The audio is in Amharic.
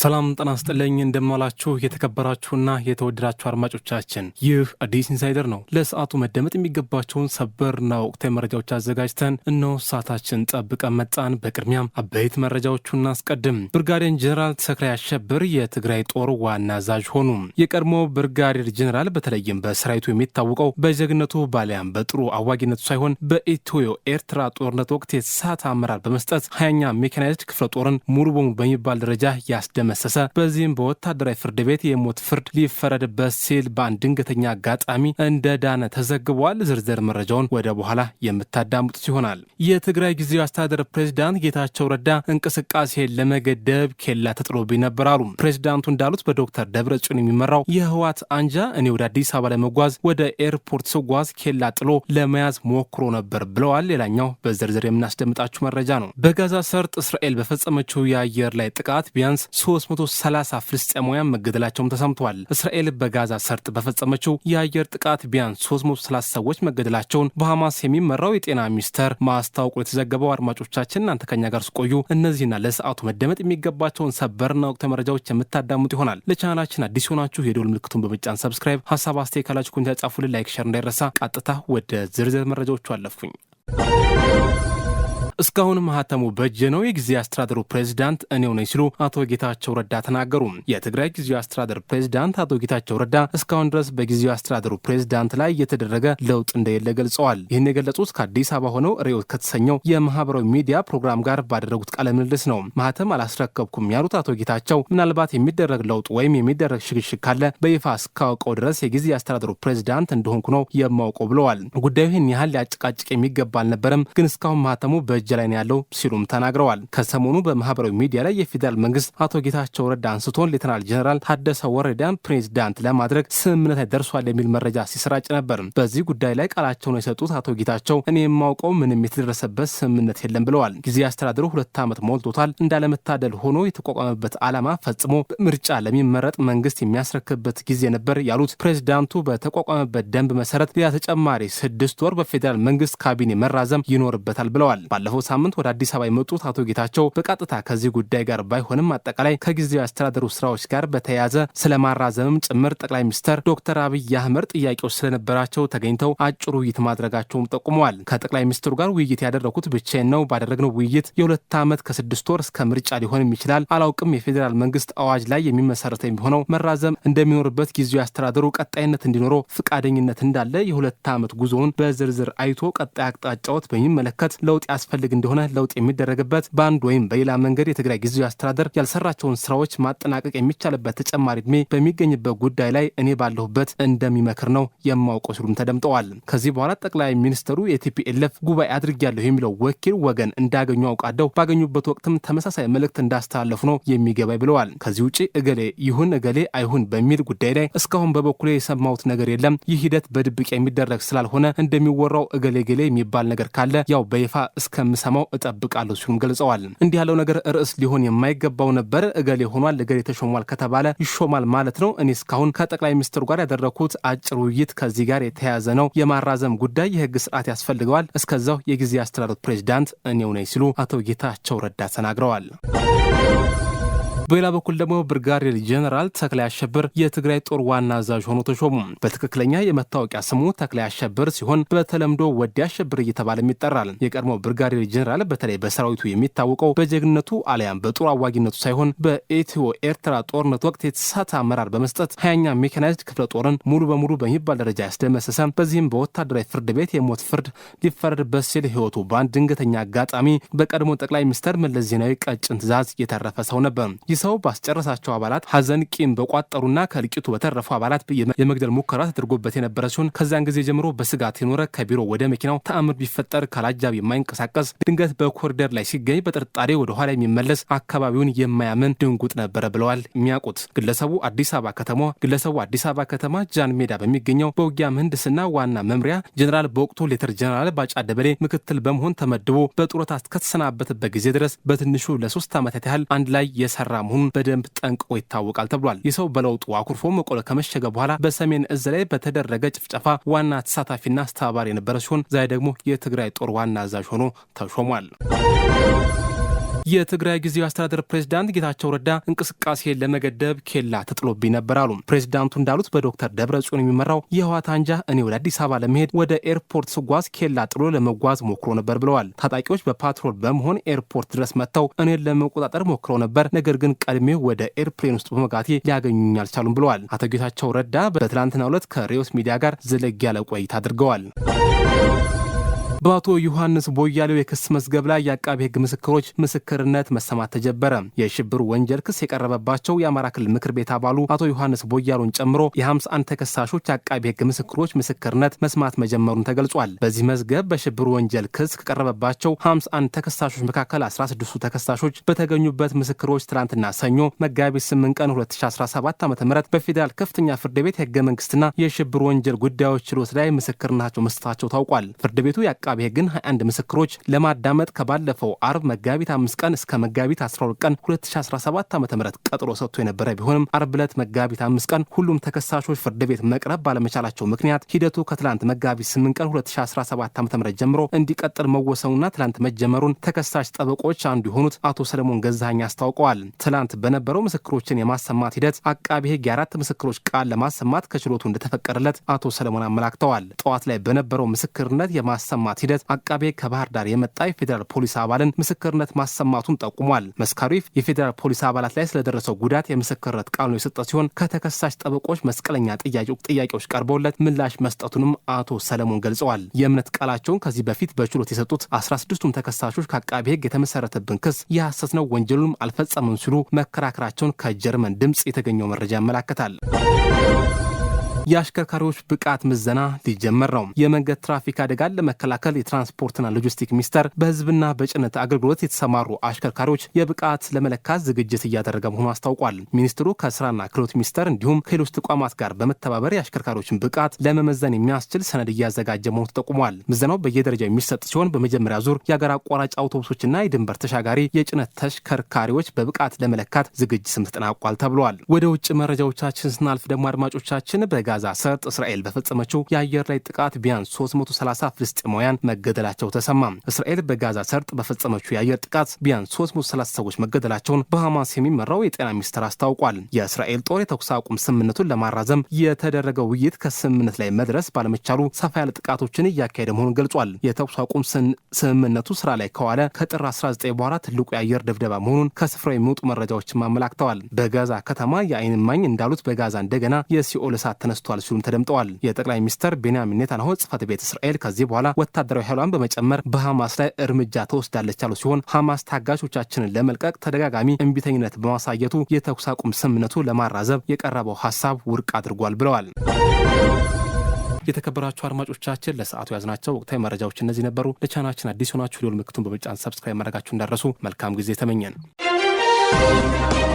ሰላም ጤና ይስጥልኝ እንደምንዋላችሁ የተከበራችሁና የተወደዳችሁ አድማጮቻችን፣ ይህ አዲስ ኢንሳይደር ነው። ለሰዓቱ መደመጥ የሚገባቸውን ሰበርና ወቅታዊ መረጃዎች አዘጋጅተን እነሆ ሰዓታችን ጠብቀን መጣን። በቅድሚያም አበይት መረጃዎቹን እናስቀድም። ብርጋዴር ጄኔራል ተክላይ አሸብር የትግራይ ጦር ዋና አዛዥ ሆኑ። የቀድሞ ብርጋዴር ጀነራል በተለይም በሰራዊቱ የሚታወቀው በጀግነቱ ባሊያም በጥሩ አዋጊነቱ ሳይሆን በኢትዮ ኤርትራ ጦርነት ወቅት የተሳተ አመራር በመስጠት ሀያኛ ሜካናይዝድ ክፍለ ጦርን ሙሉ በሙሉ በሚባል ደረጃ ያስደ ተደመሰሰ። በዚህም በወታደራዊ ፍርድ ቤት የሞት ፍርድ ሊፈረድበት ሲል በአንድ ድንገተኛ አጋጣሚ እንደ ዳነ ተዘግቧል። ዝርዝር መረጃውን ወደ በኋላ የምታዳምጡት ይሆናል። የትግራይ ጊዜያዊ አስተዳደር ፕሬዚዳንት ጌታቸው ረዳ እንቅስቃሴን ለመገደብ ኬላ ተጥሎብኝ ነበር አሉ። ፕሬዚዳንቱ እንዳሉት በዶክተር ደብረጽዮን የሚመራው የህወሓት አንጃ እኔ ወደ አዲስ አበባ ለመጓዝ ወደ ኤርፖርት ስጓዝ ኬላ ጥሎ ለመያዝ ሞክሮ ነበር ብለዋል። ሌላኛው በዝርዝር የምናስደምጣችሁ መረጃ ነው። በጋዛ ሰርጥ እስራኤል በፈጸመችው የአየር ላይ ጥቃት ቢያንስ ሶ 330 ፍልስጤማውያን መገደላቸውም ተሰምቷል። እስራኤል በጋዛ ሰርጥ በፈጸመችው የአየር ጥቃት ቢያንስ 330 ሰዎች መገደላቸውን በሐማስ የሚመራው የጤና ሚኒስቴር ማስታወቁ የተዘገበው። አድማጮቻችን እናንተ ከኛ ጋር ስቆዩ እነዚህና ለሰዓቱ መደመጥ የሚገባቸውን ሰበርና ወቅታዊ መረጃዎች የምታዳምጡ ይሆናል። ለቻናላችን አዲስ የሆናችሁ የደወል ምልክቱን በመጫን ሰብስክራይብ፣ ሀሳብ አስተያየት ካላችሁ ኮሜንት ጻፉልን። ላይክ፣ ሸር እንዳይረሳ። ቀጥታ ወደ ዝርዝር መረጃዎቹ አለፉኝ። እስካሁን ማህተሙ ሀተሙ ነው የጊዜ አስተዳደሩ ፕሬዚዳንት እኔው ነኝ ሲሉ አቶ ጌታቸው ረዳ ተናገሩ። የትግራይ ጊዜያዊ አስተዳደር ፕሬዚዳንት አቶ ጌታቸው ረዳ እስካሁን ድረስ በጊዜያዊ አስተዳደሩ ፕሬዚዳንት ላይ የተደረገ ለውጥ እንደሌለ ገልጸዋል። ይህን የገለጹት ከአዲስ አበባ ሆነው ርዕዮት ከተሰኘው የማህበራዊ ሚዲያ ፕሮግራም ጋር ባደረጉት ቃለ ምልልስ ነው። ማህተም አላስረከብኩም ያሉት አቶ ጌታቸው ምናልባት የሚደረግ ለውጥ ወይም የሚደረግ ሽግሽግ ካለ በይፋ እስካውቀው ድረስ የጊዜ አስተዳደሩ ፕሬዚዳንት እንደሆንኩ ነው የማውቀው ብለዋል። ጉዳዩ ይህን ያህል ሊያጭቃጭቅ የሚገባ አልነበረም፣ ግን እስካሁን ማህተሙ በእጅ እጅ ላይ ነው ያለው ሲሉም ተናግረዋል። ከሰሞኑ በማህበራዊ ሚዲያ ላይ የፌዴራል መንግስት አቶ ጌታቸው ረዳ አንስቶን ሌተናል ጀኔራል ታደሰ ወረዳን ፕሬዚዳንት ለማድረግ ስምምነት ላይ ደርሷል የሚል መረጃ ሲሰራጭ ነበር። በዚህ ጉዳይ ላይ ቃላቸውን የሰጡት አቶ ጌታቸው እኔ የማውቀው ምንም የተደረሰበት ስምምነት የለም ብለዋል። ጊዜ አስተዳደሩ ሁለት ዓመት ሞልቶታል። እንዳለመታደል ሆኖ የተቋቋመበት ዓላማ ፈጽሞ በምርጫ ለሚመረጥ መንግስት የሚያስረክብበት ጊዜ ነበር ያሉት ፕሬዚዳንቱ በተቋቋመበት ደንብ መሰረት ሌላ ተጨማሪ ስድስት ወር በፌዴራል መንግስት ካቢኔ መራዘም ይኖርበታል ብለዋል። ባለፈው ባለፈው ሳምንት ወደ አዲስ አበባ የመጡት አቶ ጌታቸው በቀጥታ ከዚህ ጉዳይ ጋር ባይሆንም አጠቃላይ ከጊዜያዊ አስተዳደሩ ስራዎች ጋር በተያያዘ ስለ ማራዘምም ጭምር ጠቅላይ ሚኒስትር ዶክተር አብይ አህመድ ጥያቄዎች ስለነበራቸው ተገኝተው አጭሩ ውይይት ማድረጋቸውም ጠቁመዋል። ከጠቅላይ ሚኒስትሩ ጋር ውይይት ያደረኩት ብቻዬን ነው። ባደረግነው ውይይት የሁለት ዓመት ከስድስት ወር እስከ ምርጫ ሊሆንም ይችላል አላውቅም። የፌዴራል መንግስት አዋጅ ላይ የሚመሰረተ የሚሆነው መራዘም እንደሚኖርበት ጊዜያዊ አስተዳደሩ ቀጣይነት እንዲኖረው ፍቃደኝነት እንዳለ የሁለት ዓመት ጉዞውን በዝርዝር አይቶ ቀጣይ አቅጣጫዎት በሚመለከት ለውጥ ያስፈልግ የሚፈልግ እንደሆነ ለውጥ የሚደረግበት በአንድ ወይም በሌላ መንገድ የትግራይ ጊዜያዊ አስተዳደር ያልሰራቸውን ስራዎች ማጠናቀቅ የሚቻልበት ተጨማሪ እድሜ በሚገኝበት ጉዳይ ላይ እኔ ባለሁበት እንደሚመክር ነው የማውቀው ሲሉም ተደምጠዋል። ከዚህ በኋላ ጠቅላይ ሚኒስትሩ የቲፒኤልኤፍ ጉባኤ አድርጊያለሁ የሚለው ወኪል ወገን እንዳገኙ አውቃደው ባገኙበት ወቅትም ተመሳሳይ መልእክት እንዳስተላለፉ ነው የሚገባኝ ብለዋል። ከዚህ ውጭ እገሌ ይሁን እገሌ አይሁን በሚል ጉዳይ ላይ እስካሁን በበኩሌ የሰማሁት ነገር የለም። ይህ ሂደት በድብቅ የሚደረግ ስላልሆነ እንደሚወራው እገሌ ገሌ የሚባል ነገር ካለ ያው በይፋ እስከ እንደምሰማው እጠብቃለሁ ሲሉም ገልጸዋል። እንዲህ ያለው ነገር ርዕስ ሊሆን የማይገባው ነበር። እገሌ ሆኗል፣ እገሌ ተሾሟል ከተባለ ይሾማል ማለት ነው። እኔ እስካሁን ከጠቅላይ ሚኒስትሩ ጋር ያደረግኩት አጭር ውይይት ከዚህ ጋር የተያያዘ ነው። የማራዘም ጉዳይ የህግ ስርዓት ያስፈልገዋል። እስከዛው የጊዜ አስተዳደሩ ፕሬዚዳንት እኔው ነኝ ሲሉ አቶ ጌታቸው ረዳ ተናግረዋል። በሌላ በኩል ደግሞ ብርጋዴር ጀነራል ተክላይ አሸብር የትግራይ ጦር ዋና አዛዥ ሆኖ ተሾሙ። በትክክለኛ የመታወቂያ ስሙ ተክላይ አሸብር ሲሆን በተለምዶ ወዲ አሸብር እየተባለም ይጠራል። የቀድሞ ብርጋዴር ጀነራል በተለይ በሰራዊቱ የሚታወቀው በጀግነቱ አሊያም በጦር አዋጊነቱ ሳይሆን በኢትዮ ኤርትራ ጦርነት ወቅት የተሳተ አመራር በመስጠት ሀያኛ ሜካናይዝድ ክፍለ ጦርን ሙሉ በሙሉ በሚባል ደረጃ ያስደመሰሰ በዚህም በወታደራዊ ፍርድ ቤት የሞት ፍርድ ሊፈረድበት ሲል ህይወቱ በአንድ ድንገተኛ አጋጣሚ በቀድሞ ጠቅላይ ሚኒስትር መለስ ዜናዊ ቀጭን ትዛዝ የተረፈ ሰው ነበር። አብዲሳው ባስጨረሳቸው አባላት ሀዘን ቂም በቋጠሩና ከእልቂቱ በተረፉ አባላት የመግደል ሙከራ ተደርጎበት የነበረ ሲሆን ከዚያን ጊዜ ጀምሮ በስጋት የኖረ ከቢሮ ወደ መኪናው ተአምር ቢፈጠር ካላጃብ የማይንቀሳቀስ ድንገት በኮሪደር ላይ ሲገኝ በጥርጣሬ ወደ ኋላ የሚመለስ አካባቢውን የማያምን ድንጉጥ ነበረ ብለዋል የሚያውቁት ግለሰቡ። አዲስ አበባ ከተማ ግለሰቡ አዲስ አበባ ከተማ ጃን ሜዳ በሚገኘው በውጊያ ምህንድስና ዋና መምሪያ ጀኔራል በወቅቱ ሌተር ጀኔራል ባጫ ደበሌ ምክትል በመሆን ተመድቦ በጡረታ እስከተሰናበተበት ጊዜ ድረስ በትንሹ ለሶስት ዓመታት ያህል አንድ ላይ የሰራ መሆኑን በደንብ ጠንቅቆ ይታወቃል ተብሏል። የሰው በለውጡ አኩርፎ መቀለ ከመሸገ በኋላ በሰሜን እዝ ላይ በተደረገ ጭፍጨፋ ዋና ተሳታፊና አስተባባሪ የነበረ ሲሆን ዛሬ ደግሞ የትግራይ ጦር ዋና አዛዥ ሆኖ ተሾሟል። የትግራይ ጊዜያዊ አስተዳደር ፕሬዚዳንት ጌታቸው ረዳ እንቅስቃሴ ለመገደብ ኬላ ተጥሎብኝ ነበር አሉ። ፕሬዚዳንቱ እንዳሉት በዶክተር ደብረ ጽዮን የሚመራው የህወሓት አንጃ እኔ ወደ አዲስ አበባ ለመሄድ ወደ ኤርፖርት ስጓዝ ኬላ ጥሎ ለመጓዝ ሞክሮ ነበር ብለዋል። ታጣቂዎች በፓትሮል በመሆን ኤርፖርት ድረስ መጥተው እኔን ለመቆጣጠር ሞክረው ነበር፣ ነገር ግን ቀድሜው ወደ ኤርፕሌን ውስጥ በመጋቴ ሊያገኙኝ አልቻሉም ብለዋል። አቶ ጌታቸው ረዳ በትላንትናው ዕለት ከሬዎስ ሚዲያ ጋር ዘለግ ያለ ቆይታ አድርገዋል። በአቶ ዮሐንስ ቦያሌው የክስ መዝገብ ላይ የአቃቢ ህግ ምስክሮች ምስክርነት መሰማት ተጀበረ። የሽብር ወንጀል ክስ የቀረበባቸው የአማራ ክልል ምክር ቤት አባሉ አቶ ዮሐንስ ቦያሉን ጨምሮ የ አንድ ተከሳሾች የአቃቢ ሕግ ምስክሮች ምስክርነት መስማት መጀመሩን ተገልጿል። በዚህ መዝገብ በሽብር ወንጀል ክስ ከቀረበባቸው 51 ተከሳሾች መካከል 16ቱ ተከሳሾች በተገኙበት ምስክሮች ትላንትና ሰኞ መጋቢት 8 ቀን 2017 ዓ ም በፌዴራል ከፍተኛ ፍርድ ቤት የህገ መንግስትና የሽብር ወንጀል ጉዳዮች ችሎት ላይ ምስክርናቸው መስጠታቸው ታውቋል። ፍርድ ቤቱ አቃቤ ሕግን 21 ምስክሮች ለማዳመጥ ከባለፈው አርብ መጋቢት 5 ቀን እስከ መጋቢት 12 ቀን 2017 ዓ ም ቀጥሮ ሰጥቶ የነበረ ቢሆንም አርብ ዕለት መጋቢት 5 ቀን ሁሉም ተከሳሾች ፍርድ ቤት መቅረብ ባለመቻላቸው ምክንያት ሂደቱ ከትላንት መጋቢት 8 ቀን 2017 ዓ ም ጀምሮ እንዲቀጥል መወሰኑና ትላንት መጀመሩን ተከሳሽ ጠበቆች አንዱ የሆኑት አቶ ሰለሞን ገዛኝ አስታውቀዋል። ትላንት በነበረው ምስክሮችን የማሰማት ሂደት አቃቢ ሕግ የአራት ምስክሮች ቃል ለማሰማት ከችሎቱ እንደተፈቀደለት አቶ ሰለሞን አመላክተዋል። ጠዋት ላይ በነበረው ምስክርነት የማሰማት በማጣራት ሂደት አቃቤ ከባህር ዳር የመጣ የፌዴራል ፖሊስ አባልን ምስክርነት ማሰማቱን ጠቁሟል። መስካሪፍ የፌዴራል ፖሊስ አባላት ላይ ስለደረሰው ጉዳት የምስክርነት ቃል ነው የሰጠ ሲሆን ከተከሳሽ ጠበቆች መስቀለኛ ጥያቄዎች ቀርበውለት ምላሽ መስጠቱንም አቶ ሰለሞን ገልጸዋል። የእምነት ቃላቸውን ከዚህ በፊት በችሎት የሰጡት 16ቱም ተከሳሾች ከአቃቤ ህግ የተመሰረተብን ክስ የሐሰት ነው፣ ወንጀሉንም አልፈጸምም ሲሉ መከራከራቸውን ከጀርመን ድምፅ የተገኘው መረጃ ያመላክታል። የአሽከርካሪዎች ብቃት ምዘና ሊጀመር ነው። የመንገድ ትራፊክ አደጋን ለመከላከል የትራንስፖርትና ሎጂስቲክ ሚኒስቴር በህዝብና በጭነት አገልግሎት የተሰማሩ አሽከርካሪዎች የብቃት ለመለካት ዝግጅት እያደረገ መሆኑ አስታውቋል። ሚኒስትሩ ከስራና ክህሎት ሚኒስቴር እንዲሁም ከሌሎች ተቋማት ጋር በመተባበር የአሽከርካሪዎችን ብቃት ለመመዘን የሚያስችል ሰነድ እያዘጋጀ መሆኑ ተጠቁሟል። ምዘናው በየደረጃው የሚሰጥ ሲሆን በመጀመሪያ ዙር የአገር አቋራጭ አውቶቡሶችና የድንበር ተሻጋሪ የጭነት ተሽከርካሪዎች በብቃት ለመለካት ዝግጅትም ተጠናቋል ተብሏል። ወደ ውጭ መረጃዎቻችን ስናልፍ ደግሞ አድማጮቻችን በ በጋዛ ሰርጥ እስራኤል በፈጸመችው የአየር ላይ ጥቃት ቢያንስ 330 ፍልስጤማውያን መገደላቸው ተሰማ። እስራኤል በጋዛ ሰርጥ በፈጸመችው የአየር ጥቃት ቢያንስ 330 ሰዎች መገደላቸውን በሐማስ የሚመራው የጤና ሚኒስትር አስታውቋል። የእስራኤል ጦር የተኩስ አቁም ስምምነቱን ለማራዘም የተደረገው ውይይት ከስምምነት ላይ መድረስ ባለመቻሉ ሰፋ ያለ ጥቃቶችን እያካሄደ መሆኑን ገልጿል። የተኩስ አቁም ስምምነቱ ስራ ላይ ከዋለ ከጥር 19 በኋላ ትልቁ የአየር ድብደባ መሆኑን ከስፍራው የሚወጡ መረጃዎችም አመላክተዋል። በጋዛ ከተማ የአይን እማኝ እንዳሉት በጋዛ እንደገና የሲኦል እሳት ተነስ ተነስቷል ሲሉም ተደምጠዋል። የጠቅላይ ሚኒስትር ቤንያሚን ኔታንያሁ ጽህፈት ቤት እስራኤል ከዚህ በኋላ ወታደራዊ ኃይሏን በመጨመር በሐማስ ላይ እርምጃ ተወስዳለች ያሉ ሲሆን ሐማስ ታጋቾቻችንን ለመልቀቅ ተደጋጋሚ እምቢተኝነት በማሳየቱ የተኩስ አቁም ስምምነቱ ለማራዘብ የቀረበው ሀሳብ ውድቅ አድርጓል ብለዋል። የተከበራችሁ አድማጮቻችን ለሰዓቱ ያዝናቸው ወቅታዊ መረጃዎች እነዚህ ነበሩ። ለቻናችን አዲስ ሆናችሁ ሊሆን ምልክቱን በመጫን ሰብስክራይብ ማድረጋችሁ እንዳረሱ መልካም ጊዜ ተመኘን።